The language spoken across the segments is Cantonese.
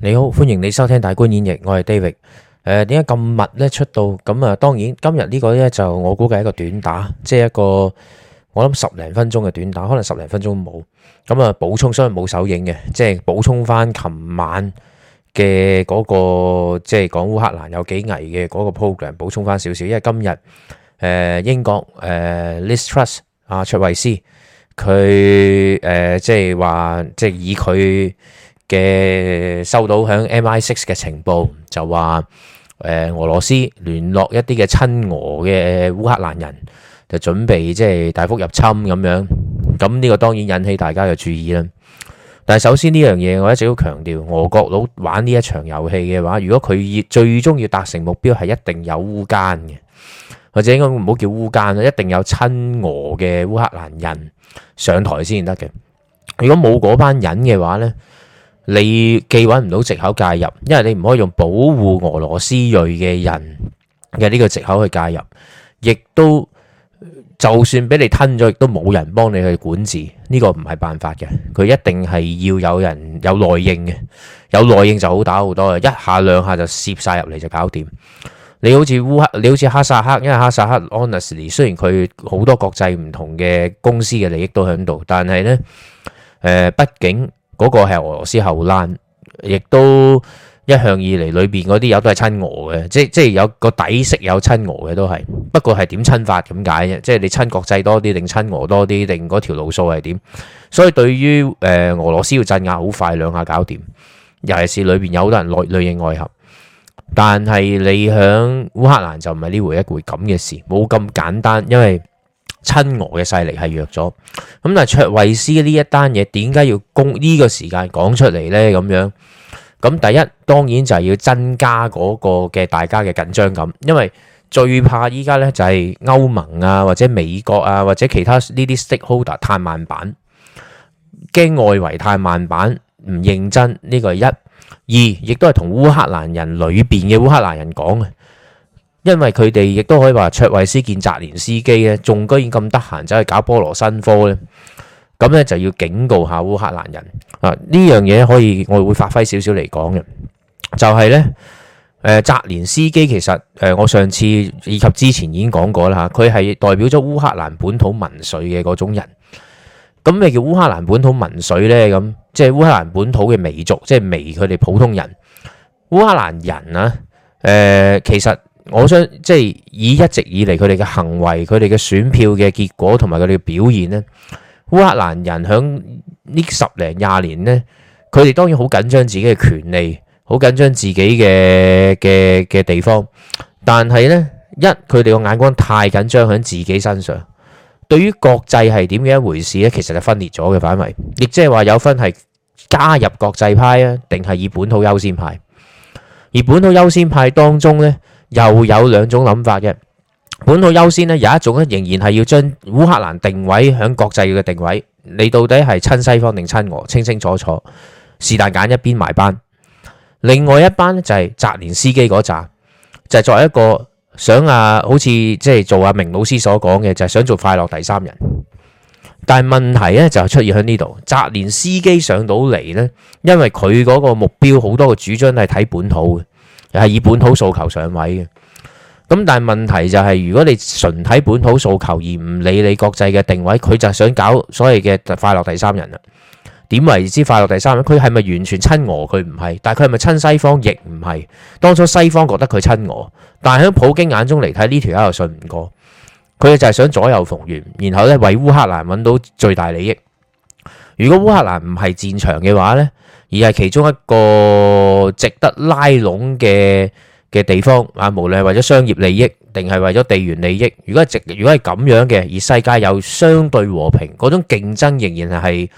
你好，歡迎你收聽大觀演繹，我係 David。誒，點解咁密咧出到咁啊？當然，今日呢個咧就我估計係一個短打，即係一個我諗十零分鐘嘅短打，可能十零分鐘冇。咁啊，補充所以冇手影嘅，即係補充翻琴晚嘅嗰個，即係講烏克蘭有幾危嘅嗰個 program，補充翻少少。因為今日誒英國誒，Liz Truss 阿卓慧思佢誒，即係話即係以佢。嘅收到響 MI6 嘅情報，就話誒、呃、俄羅斯聯絡一啲嘅親俄嘅烏克蘭人，就準備即係大幅入侵咁樣。咁呢、這個當然引起大家嘅注意啦。但係首先呢樣嘢，我一直都強調，俄國佬玩呢一場遊戲嘅話，如果佢要最終要達成目標，係一定有烏奸嘅，或者應該唔好叫烏奸，啦，一定有親俄嘅烏克蘭人上台先得嘅。如果冇嗰班人嘅話呢？你既揾唔到藉口介入，因為你唔可以用保護俄羅斯裔嘅人嘅呢個藉口去介入，亦都就算俾你吞咗，亦都冇人幫你去管治，呢個唔係辦法嘅。佢一定係要有人有內應嘅，有內應就好打好多啊！一下兩下就攝晒入嚟就搞掂。你好似烏克，你好似哈薩克，因為哈薩克 honestly 雖然佢好多國際唔同嘅公司嘅利益都喺度，但係呢，誒、呃，畢竟。嗰個係俄羅斯後欄，亦都一向以嚟裏邊嗰啲有都係親俄嘅，即即係有個底色有親俄嘅都係，不過係點親法咁解啫，即係你親國際多啲定親俄多啲定嗰條路數係點？所以對於誒、呃、俄羅斯要鎮壓好快兩下搞掂，尤其是裏邊有好多人內內應外合，但係你喺烏克蘭就唔係呢回一回咁嘅事，冇咁簡單因為。親俄嘅勢力係弱咗，咁但係卓慧思呢一單嘢點解要攻呢個時間講出嚟呢？咁樣咁第一當然就係要增加嗰個嘅大家嘅緊張感，因為最怕依家呢，就係歐盟啊，或者美國啊，或者其他呢啲 stakeholder 太慢版，驚外圍太慢版，唔認真呢、呢個係一，二亦都係同烏克蘭人裏面嘅烏克蘭人講啊。因為佢哋亦都可以話卓慧思見澤連斯基咧，仲居然咁得閒走去搞波羅申科咧，咁咧就要警告下烏克蘭人啊。呢樣嘢可以我會發揮少少嚟講嘅，就係咧誒，澤連斯基其實誒、呃，我上次以及之前已經講過啦。吓、啊，佢係代表咗烏克蘭本土民粹嘅嗰種人。咁、嗯、咩叫烏克蘭本土民粹咧？咁、嗯、即係烏克蘭本土嘅微族，即係微佢哋普通人烏克蘭人啊。誒、呃，其實。我想即係以一直以嚟佢哋嘅行為、佢哋嘅選票嘅結果同埋佢哋嘅表現呢，烏克蘭人響呢十零廿年呢，佢哋當然好緊張自己嘅權利，好緊張自己嘅嘅嘅地方，但係呢，一佢哋個眼光太緊張響自己身上，對於國際係點樣一回事呢？其實係分裂咗嘅範圍，亦即係話有分係加入國際派啊，定係以本土優先派。而本土優先派當中呢。又有兩種諗法嘅本土優先咧，有一種咧仍然係要將烏克蘭定位喺國際嘅定位，你到底係親西方定親俄，清清楚楚，是但揀一邊埋班。另外一班就係澤連斯基嗰扎，就是、作為一個想啊，好似即係做阿明老師所講嘅，就係、是、想做快樂第三人。但係問題呢，就係出現喺呢度，澤連斯基上到嚟呢，因為佢嗰個目標好多個主張係睇本土嘅。又係以本土訴求上位嘅，咁但係問題就係，如果你純睇本土訴求而唔理你國際嘅定位，佢就係想搞所謂嘅快樂第三人啦。點為之快樂第三人？佢係咪完全親俄？佢唔係，但係佢係咪親西方？亦唔係。當初西方覺得佢親俄，但係喺普京眼中嚟睇呢條友又信唔過。佢就係想左右逢源，然後咧為烏克蘭揾到最大利益。如果烏克蘭唔係戰場嘅話呢，而係其中一個值得拉攏嘅嘅地方啊，無論係為咗商業利益定係為咗地緣利益。如果係直，如果係咁樣嘅，而世界有相對和平，嗰種競爭仍然係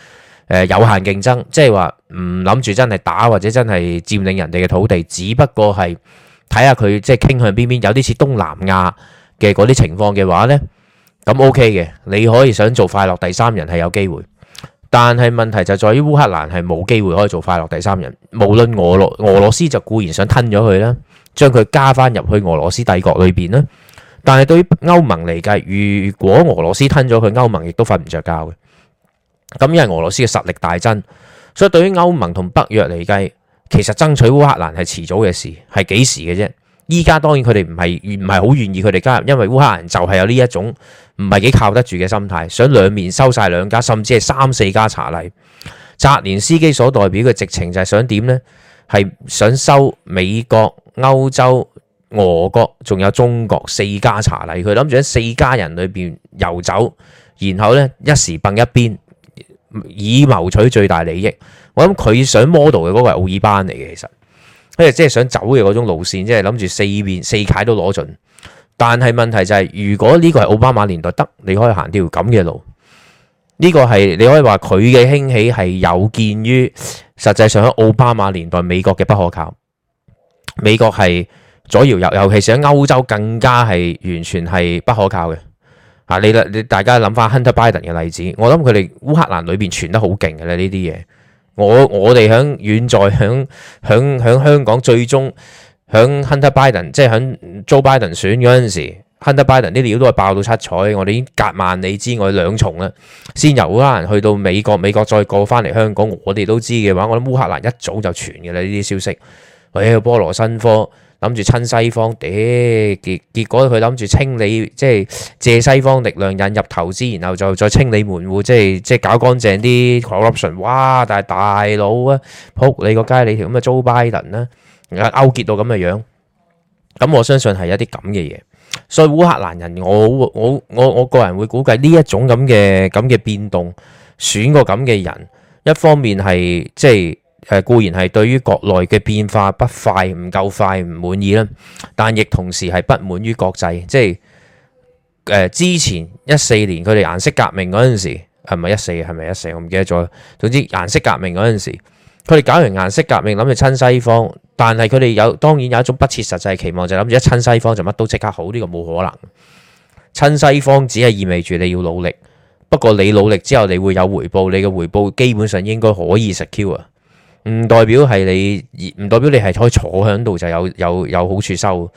有限競爭，即係話唔諗住真係打或者真係佔領人哋嘅土地，只不過係睇下佢即係傾向邊邊，有啲似東南亞嘅嗰啲情況嘅話呢，咁 OK 嘅，你可以想做快樂第三人係有機會。但係問題就在於烏克蘭係冇機會可以做快樂第三人，無論俄羅俄羅斯就固然想吞咗佢啦，將佢加返入去俄羅斯帝國裏邊啦。但係對於歐盟嚟計，如果俄羅斯吞咗佢，歐盟亦都瞓唔着覺嘅。咁因為俄羅斯嘅實力大增，所以對於歐盟同北約嚟計，其實爭取烏克蘭係遲早嘅事，係幾時嘅啫？依家當然佢哋唔係唔係好願意佢哋加入，因為烏克蘭就係有呢一種。唔係幾靠得住嘅心態，想兩面收晒兩家，甚至係三四家茶禮。澤連斯基所代表嘅直情就係想點呢？係想收美國、歐洲、俄國，仲有中國四家茶禮。佢諗住喺四家人裏邊遊走，然後呢，一時蹦一邊，以謀取最大利益。我諗佢想 model 嘅嗰個係奧爾班嚟嘅，其實，即係即係想走嘅嗰種路線，即係諗住四面四界都攞盡。但係問題就係、是，如果呢個係奧巴馬年代得，你可以行條咁嘅路。呢、這個係你可以話佢嘅興起係有見於實際上喺奧巴馬年代美國嘅不可靠。美國係左搖右，尤其是喺歐洲更加係完全係不可靠嘅。嚇、啊、你你大家諗翻亨特拜 t 嘅例子，我諗佢哋烏克蘭裏邊傳得好勁嘅咧呢啲嘢。我我哋喺現在喺喺喺香港最終。喺 Hunter Biden 即係喺 Joe Biden 選嗰陣時，Hunter Biden 啲料都係爆到七彩，我哋已經隔萬里之外兩重啦。先由烏克蘭去到美國，美國再過翻嚟香港，我哋都知嘅話，我諗烏克蘭一早就傳嘅啦呢啲消息。哎呀，波羅申科諗住親西方，屌、哎、結結果佢諗住清理，即、就、係、是、借西方力量引入投資，然後就再清理門戶，即係即係搞乾淨啲 corruption。Cor ruption，哇！但係大佬啊，仆你個街你條咁嘅 Joe Biden 啊。勾結到咁嘅樣，咁我相信係一啲咁嘅嘢。所以烏克蘭人，我我我我個人會估計呢一種咁嘅咁嘅變動，選個咁嘅人，一方面係即係誒固然係對於國內嘅變化不快唔夠快唔滿意啦，但亦同時係不滿於國際，即係誒之前一四年佢哋顏色革命嗰陣時，係咪一四？係咪一四？我唔記得咗。總之顏色革命嗰陣時。佢哋搞完顏色革命，諗住親西方，但係佢哋有當然有一種不切實際嘅期望，就諗住一親西方就乜都即刻好，呢個冇可能。親西方只係意味住你要努力，不過你努力之後你會有回報，你嘅回報基本上應該可以食 Q 啊，唔代表係你唔代表你係可以坐喺度就有有有好處收。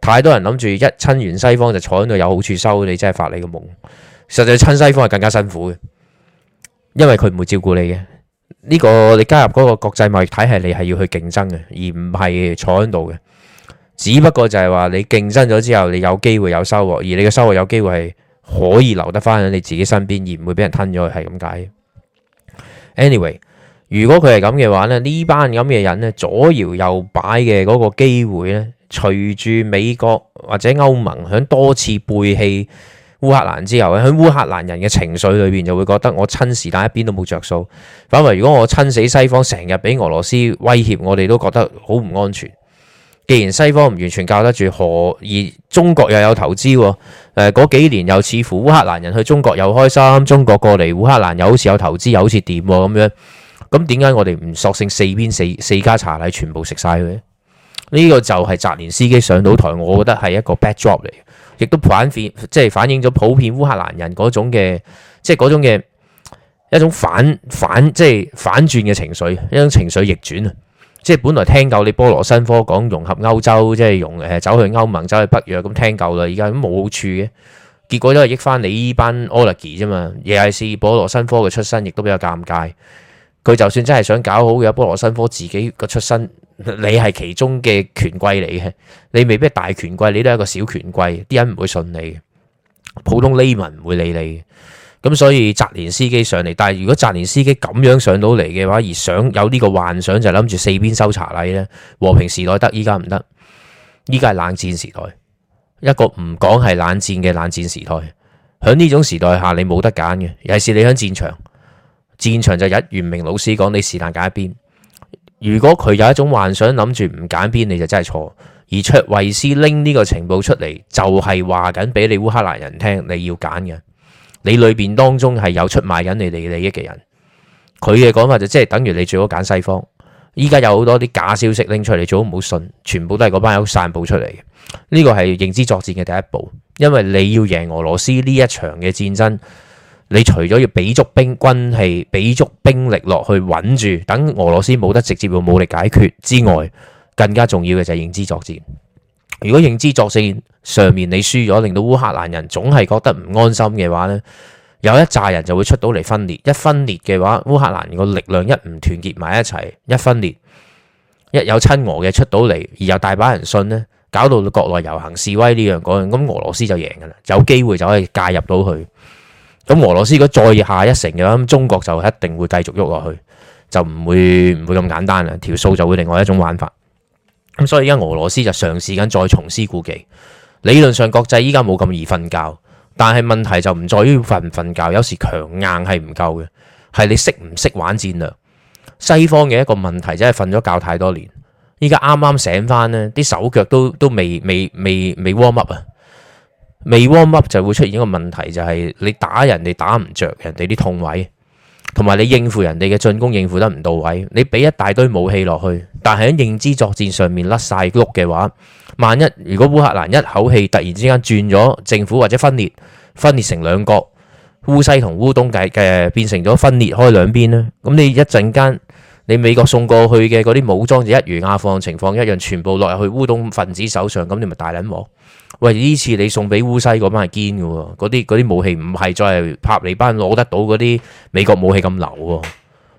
太多人諗住一親完西方就坐喺度有好處收，你真係發你個夢。實際親西方係更加辛苦嘅，因為佢唔會照顧你嘅。呢個你加入嗰個國際貿易體系，你係要去競爭嘅，而唔係坐喺度嘅。只不過就係話你競爭咗之後，你有機會有收穫，而你嘅收穫有機會係可以留得翻喺你自己身邊，而唔會俾人吞咗去，係咁解。Anyway，如果佢係咁嘅話咧，呢班咁嘅人咧，左搖右擺嘅嗰個機會咧，隨住美國或者歐盟響多次背棄，烏克蘭之後咧，喺烏克蘭人嘅情緒裏邊就會覺得我親是但一邊都冇着數。反為如果我親死西方，成日俾俄羅斯威脅，我哋都覺得好唔安全。既然西方唔完全靠得住，何而中國又有投資？誒、呃、嗰幾年又似乎烏克蘭人去中國又開心，中國過嚟烏克蘭又好似有投資，又好似掂喎咁樣。咁點解我哋唔索性四邊四四家茶禮全部食晒佢咧？呢、這個就係澤連司機上到台，我覺得係一個 bad job 嚟。亦都反反，即係反映咗普遍烏克蘭人嗰種嘅，即係嗰種嘅一種反反，即係反轉嘅情緒，一種情緒逆轉啊！即係本來聽夠你波羅申科講融合歐洲，即係融誒走去歐盟、走去北約咁聽夠啦，而家都冇好處嘅，結果都係益翻你依班 oligarch 啫嘛！而且是波羅申科嘅出身亦都比較尷尬，佢就算真係想搞好嘅，有波羅申科自己個出身。你係其中嘅權貴嚟嘅，你未必大權貴，你都係一個小權貴，啲人唔會信你，普通 layman 唔會理你嘅，咁所以澤連斯基上嚟，但係如果澤連斯基咁樣上到嚟嘅話，而想有呢個幻想就係諗住四邊收查禮，禮呢和平時代得，依家唔得，依家係冷戰時代，一個唔講係冷戰嘅冷戰時代，喺呢種時代下你冇得揀嘅，尤其是你喺戰場，戰場就一，袁明老師講你是但揀一邊。如果佢有一種幻想諗住唔揀邊，你就真係錯。而卓慧思拎呢個情報出嚟，就係話緊俾你烏克蘭人聽，你要揀嘅。你裏邊當中係有出賣緊你哋利益嘅人。佢嘅講法就即係等於你最好揀西方。依家有好多啲假消息拎出嚟，最好唔好信，全部都係嗰班友散布出嚟嘅。呢個係認知作戰嘅第一步，因為你要贏俄羅斯呢一場嘅戰爭。你除咗要俾足兵軍器、俾足兵力落去穩住，等俄羅斯冇得直接用武力解決之外，更加重要嘅就係認知作戰。如果認知作戰上面你輸咗，令到烏克蘭人總係覺得唔安心嘅話呢，有一紮人就會出到嚟分裂。一分裂嘅話，烏克蘭個力量一唔團結埋一齊，一分裂，一有親俄嘅出到嚟，而有大把人信呢，搞到國內遊行示威呢樣嗰樣，咁俄羅斯就贏噶啦，有機會就可以介入到佢。咁俄羅斯如果再下一城嘅話，咁中國就一定會繼續喐落去，就唔會唔會咁簡單啦，條數就會另外一種玩法。咁所以而家俄羅斯就嘗試緊再重施故技。理論上國際依家冇咁易瞓覺，但係問題就唔在於瞓唔瞓覺，有時強硬係唔夠嘅，係你識唔識玩戰略。西方嘅一個問題真係瞓咗覺太多年，依家啱啱醒翻呢啲手腳都都未未未未 warm up 啊！未 warm up 就會出現一個問題，就係你打人哋打唔着人哋啲痛位，同埋你應付人哋嘅進攻應付得唔到位。你俾一大堆武器落去，但係喺認知作戰上面甩晒碌嘅話，萬一如果烏克蘭一口氣突然之間轉咗政府或者分裂分裂成兩國，烏西同烏東嘅嘅變成咗分裂開兩邊呢，咁你一陣間。你美國送過去嘅嗰啲武裝就一如阿富汗情況一樣，全部落入去烏東分子手上，咁你咪大撚鑊。喂，呢次你送俾烏西嗰班堅嘅喎，嗰啲嗰啲武器唔係再係塔利班攞得到嗰啲美國武器咁流喎。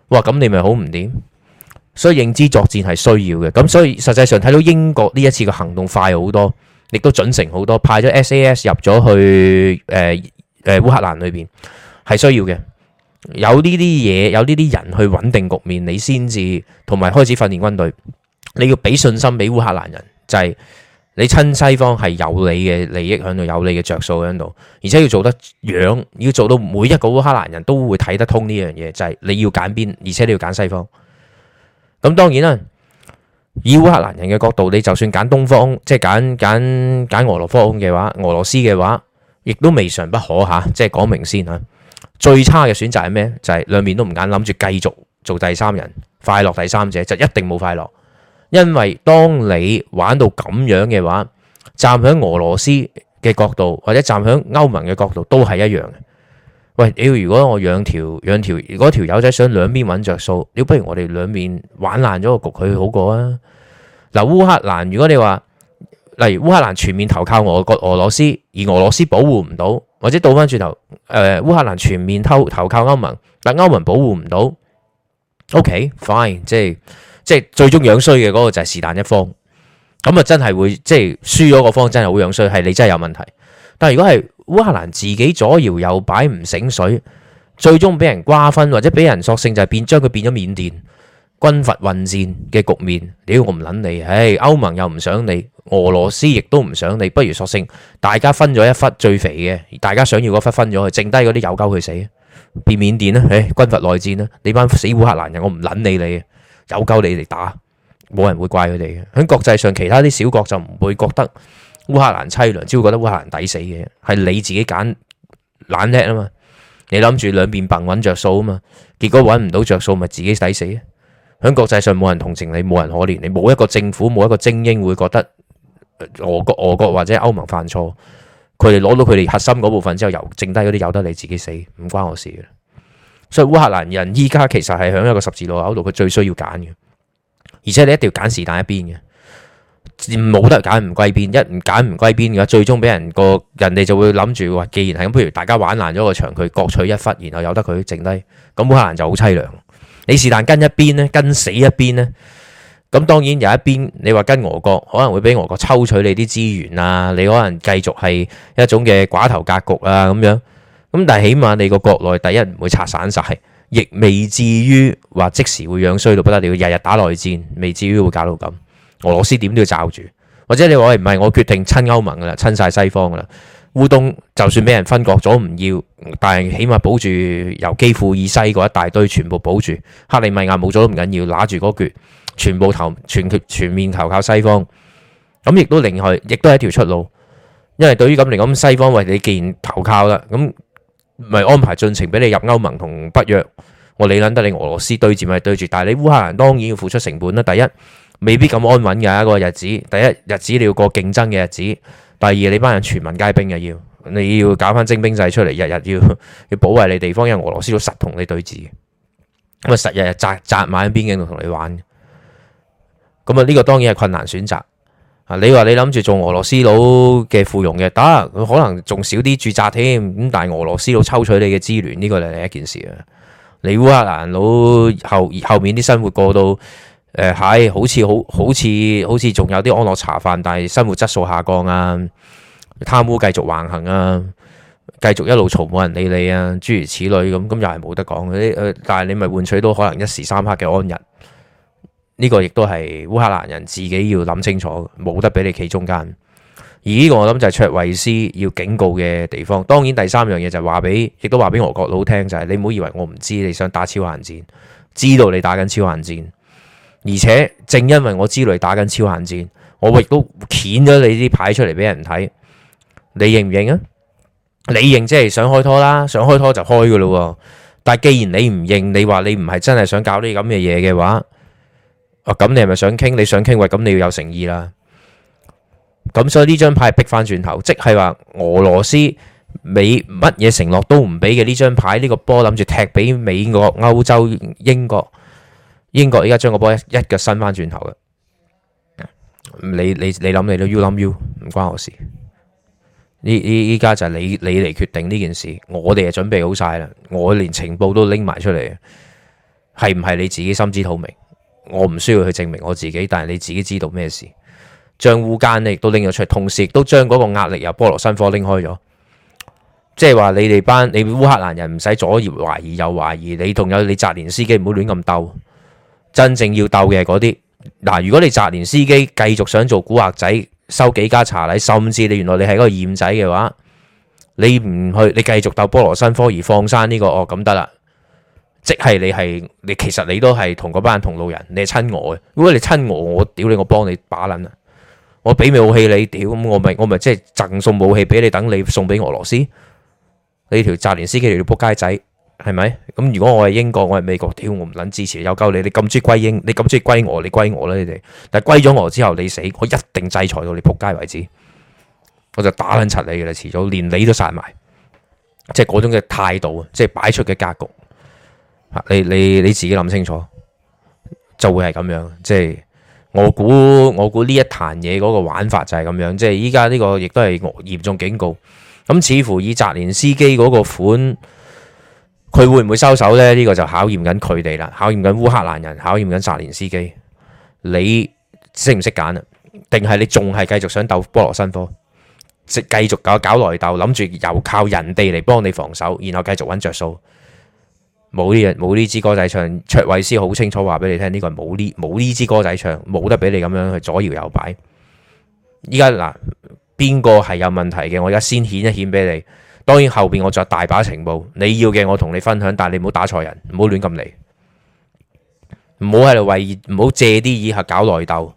哇，咁你咪好唔掂。所以認知作戰係需要嘅，咁所以實際上睇到英國呢一次嘅行動快好多，亦都準成好多，派咗 SAS 入咗去誒誒烏克蘭裏邊係需要嘅。有呢啲嘢，有呢啲人去穩定局面，你先至同埋開始訓練軍隊。你要俾信心俾烏克蘭人，就係你親西方係有你嘅利益喺度，有你嘅着數喺度，而且要做得樣，要做到每一個烏克蘭人都會睇得通呢樣嘢，就係你要揀邊，而且你要揀西方。咁當然啦，以烏克蘭人嘅角度，你就算揀東方，即係揀揀揀俄羅斯嘅話，俄羅斯嘅話，亦都未嘗不可吓，即係講明先吓。最差嘅選擇係咩？就係、是、兩面都唔揀，諗住繼續做第三人快樂第三者，就一定冇快樂。因為當你玩到咁樣嘅話，站喺俄羅斯嘅角度，或者站喺歐盟嘅角度，都係一樣。喂，屌！如果我養條養條，如果條友仔想兩邊搵着數，屌，不如我哋兩面玩爛咗個局，佢好過啊。嗱、呃，烏克蘭，如果你話，例如烏克蘭全面投靠俄國俄羅斯，而俄羅斯保護唔到。或者倒翻轉頭，誒、呃，烏克蘭全面偷投,投靠歐盟，但歐盟保護唔到，OK fine，即係即係最終樣衰嘅嗰個就係是但一方，咁啊真係會即係輸咗個方真係好樣衰，係你真係有問題。但如果係烏克蘭自己左搖右擺唔醒水，最終俾人瓜分或者俾人索性就將變將佢變咗緬甸。軍閥混戰嘅局面，屌我唔撚你，唉，歐盟又唔想你，俄羅斯亦都唔想你，不如索性大家分咗一忽最肥嘅，大家想要嗰忽分咗去，剩低嗰啲有鳩去死，變緬甸啦，唉，軍閥內戰啦、啊，你班死烏克蘭人，我唔撚你你，有鳩你嚟打，冇人會怪佢哋嘅。喺國際上，其他啲小國就唔會覺得烏克蘭淒涼，只會覺得烏克蘭抵死嘅，係你自己揀懶叻啊嘛，你諗住兩邊白揾着數啊嘛，結果揾唔到着數，咪自己抵死啊！喺國際上冇人同情你，冇人可憐你，冇一個政府，冇一個精英會覺得俄國、俄國或者歐盟犯錯，佢哋攞到佢哋核心嗰部分之後，由剩低嗰啲由得你自己死，唔關我事嘅。所以烏克蘭人依家其實係響一個十字路口度，佢最需要揀嘅，而且你一定要揀是但一邊嘅，冇得揀唔歸邊，一唔揀唔歸邊嘅話，最終俾人個人哋就會諗住話，既然係咁，不如大家玩爛咗個場，佢各取一忽，然後由得佢剩低，咁烏克蘭就好淒涼。你是但跟一邊呢，跟死一邊呢。咁當然有一邊，你話跟俄國可能會俾俄國抽取你啲資源啊，你可能繼續係一種嘅寡頭格局啊，咁樣咁。但係起碼你個國內第一唔會拆散晒，亦未至於話即時會樣衰到不得了，日日打內戰，未至於會搞到咁。俄羅斯點都要罩住，或者你話唔係我決定親歐盟噶啦，親晒西方噶啦。烏東就算俾人分割咗唔要，但係起碼保住由基輔以西嗰一大堆全部保住。克里米亞冇咗都唔緊要，拿住嗰橛，全部投全全面投靠西方，咁亦都另佢亦都係一條出路。因為對於咁嚟講，西方為你既然投靠啦，咁咪安排進程俾你入歐盟同北約。我理諗得你俄羅斯對住咪對住，但係你烏克蘭當然要付出成本啦。第一未必咁安穩嘅一個日子，第一日子你要過競爭嘅日子。第二，你班人全民皆兵嘅要，你要搞翻精兵制出嚟，日日要要保衛你地方，因為俄羅斯佬實同你對峙。咁啊實日日紮紮埋喺邊境度同你玩。咁啊呢個當然係困難選擇。啊，你話你諗住做俄羅斯佬嘅附庸嘅，得佢可能仲少啲駐紮添，咁但係俄羅斯佬抽取你嘅資源呢個係另一件事啊。你烏克蘭佬後後，後面啲生活過到。誒、係、呃、好似好好似好似仲有啲安樂茶飯，但係生活質素下降啊，貪污繼續橫行啊，繼續一路嘈，冇人理你啊，諸如此類咁，咁又係冇得講嘅。但係你咪換取到可能一時三刻嘅安逸，呢、這個，亦都係烏克蘭人自己要諗清楚，冇得俾你企中間。而呢個我諗就係卓慧思要警告嘅地方。當然第三樣嘢就係話俾，亦都話俾俄國佬聽就係、是、你唔好以為我唔知你想打超限戰，知道你打緊超限戰。而且正因為我之類打緊超限戰，我亦都掀咗你啲牌出嚟俾人睇，你認唔認啊？你認即係想開拖啦，想開拖就開噶咯。但係既然你唔認，你話你唔係真係想搞啲咁嘅嘢嘅話，哦、啊、咁你係咪想傾？你想傾，喂、哎，咁你要有誠意啦。咁所以呢張牌逼翻轉頭，即係話俄羅斯、美乜嘢承諾都唔俾嘅呢張牌，呢、這個波諗住踢俾美國、歐洲、英國。英國依家將個波一腳伸翻轉頭嘅，你你你諗你都 u 諗 u 唔關我事。依依家就係你你嚟決定呢件事，我哋啊準備好晒啦，我連情報都拎埋出嚟，係唔係你自己心知肚明？我唔需要去證明我自己，但係你自己知道咩事。賬戶間咧亦都拎咗出嚟，同時亦都將嗰個壓力由波羅申科拎開咗，即係話你哋班你烏克蘭人唔使左疑懷疑右懷疑，你仲有你澤連司機唔好亂咁鬥。真正要鬥嘅嗰啲嗱，如果你澤連司機繼續想做古惑仔收幾家茶禮，甚至你原來你係一個燕仔嘅話，你唔去，你繼續鬥波羅申科而放生呢個，哦咁得啦，即係你係你其實你都係同嗰班同路人，你親俄，如果你親俄，我屌你，我幫你把捻啦，我俾武器你，屌。咁我咪我咪即係贈送武器俾你，等你送俾俄羅斯，你條澤連司機條撲街仔。係咪？咁如果我係英國，我係美國，屌我唔捻支持，有救你！你咁中意歸俄，你咁中意歸俄，你歸俄啦，你哋！但係歸咗俄之後，你死，我一定制裁到你扑街為止，我就打撚柒你嘅啦！遲早連你都殺埋，即係嗰種嘅態度，即係擺出嘅格局。你你你自己諗清楚，就會係咁樣。即係我估，我估呢一壇嘢嗰個玩法就係咁樣。即係依家呢個亦都係嚴重警告。咁似乎以澤連斯基嗰個款。佢會唔會收手呢？呢、這個就考驗緊佢哋啦，考驗緊烏克蘭人，考驗緊扎連斯基。你識唔識揀啊？定係你仲係繼續想鬥波羅申科，即繼續搞搞內鬥，諗住又靠人哋嚟幫你防守，然後繼續揾着數。冇呢人，冇呢支歌仔唱，卓慧思好清楚話俾你聽，呢、這個冇呢冇呢支歌仔唱，冇得俾你咁樣去左搖右擺。依家嗱，邊個係有問題嘅？我而家先顯一顯俾你。當然後邊我仲有大把情報，你要嘅我同你分享，但係你唔好打錯人，唔好亂咁嚟，唔好喺度為唔好借啲議客搞內鬥，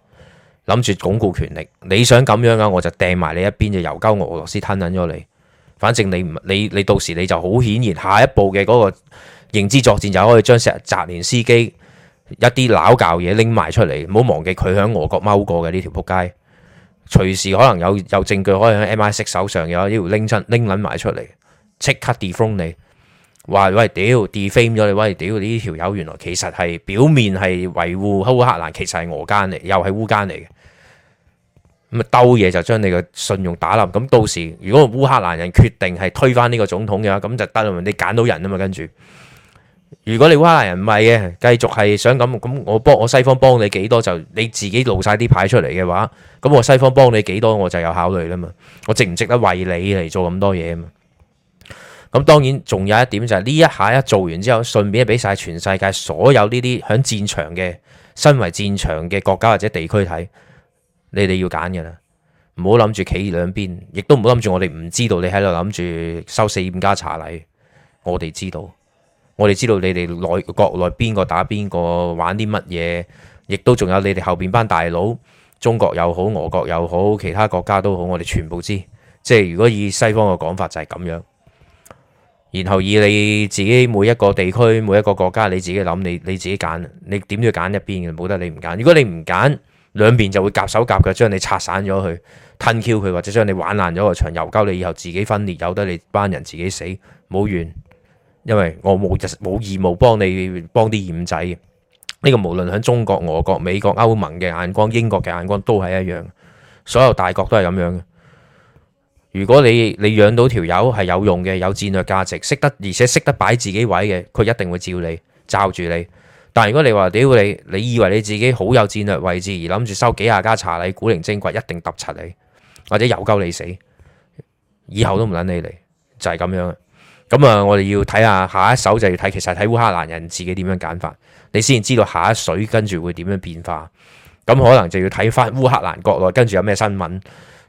諗住鞏固權力。你想咁樣嘅，我就掟埋你一邊就由交俄羅斯吞緊咗你。反正你唔你你，你到時你就好顯然下一步嘅嗰個認知作戰就可以將成日澤連斯基一啲撈教嘢拎埋出嚟，唔好忘記佢喺俄國踎過嘅呢條撲街。隨時可能有有證據，可能喺 MI6 手上，有呢條拎出拎捻埋出嚟，即刻 defame 你，話喂屌，defame 咗你，喂屌呢條友原來其實係表面係維護烏克蘭，其實係俄奸嚟，又係烏奸嚟嘅。咁啊，兜嘢就將你嘅信用打冧。咁到時如果烏克蘭人決定係推翻呢個總統嘅話，咁就得啦。你揀到人啊嘛，跟住。如果你烏克蘭人唔係嘅，繼續係想咁咁，我幫我西方幫你幾多就你自己露晒啲牌出嚟嘅話，咁我西方幫你幾多我就有考慮啦嘛，我值唔值得為你嚟做咁多嘢嘛？咁當然仲有一點就係、是、呢一下一做完之後，順便俾晒全世界所有呢啲響戰場嘅身為戰場嘅國家或者地區睇，你哋要揀嘅啦，唔好諗住企兩邊，亦都唔好諗住我哋唔知道你喺度諗住收四五家茶禮，我哋知道。我哋知道你哋內國內邊個打邊個玩啲乜嘢，亦都仲有你哋後邊班大佬，中國又好，俄國又好，其他國家都好，我哋全部知。即係如果以西方嘅講法就係咁樣，然後以你自己每一個地區每一個國家，你自己諗，你你自己揀，你點都要揀一邊嘅，冇得你唔揀。如果你唔揀，兩邊就會夾手夾腳，將你拆散咗去，吞 Q 佢，或者將你玩爛咗個場，由鳩你以後自己分裂，由得你,你班人自己死，冇完。因為我冇冇義務幫你幫啲染仔嘅，呢、這個無論喺中國、俄國、美國、歐盟嘅眼光、英國嘅眼光都係一樣，所有大國都係咁樣嘅。如果你你養到條友係有用嘅、有戰略價值，識得而且識得擺自己位嘅，佢一定會照你罩住你。但如果你話屌你，你以為你自己好有戰略位置而諗住收幾廿家茶禮，古靈精怪，一定揼柒你，或者有鳩你死，以後都唔撚你嚟，就係、是、咁樣。咁啊，我哋要睇下下一首，就要睇其實睇烏克蘭人自己點樣揀法，你先知道下一水跟住會點樣變化。咁可能就要睇翻烏克蘭國內跟住有咩新聞，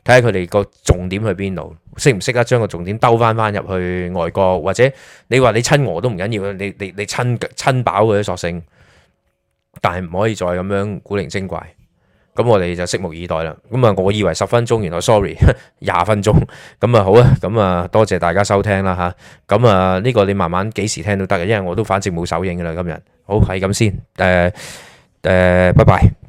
睇下佢哋個重點去邊度，識唔識得將個重點兜翻翻入去外國，或者你話你親俄都唔緊要，你你你親親飽佢嘅索性，但係唔可以再咁樣古靈精怪。咁我哋就拭目以待啦。咁啊，我以為十分鐘，原來 sorry，廿 分鐘。咁啊，好啦，咁啊，多謝大家收聽啦吓。咁啊，呢個你慢慢幾時聽都得嘅，因為我都反正冇首映噶啦今日。好，係咁先。誒、呃、誒、呃，拜拜。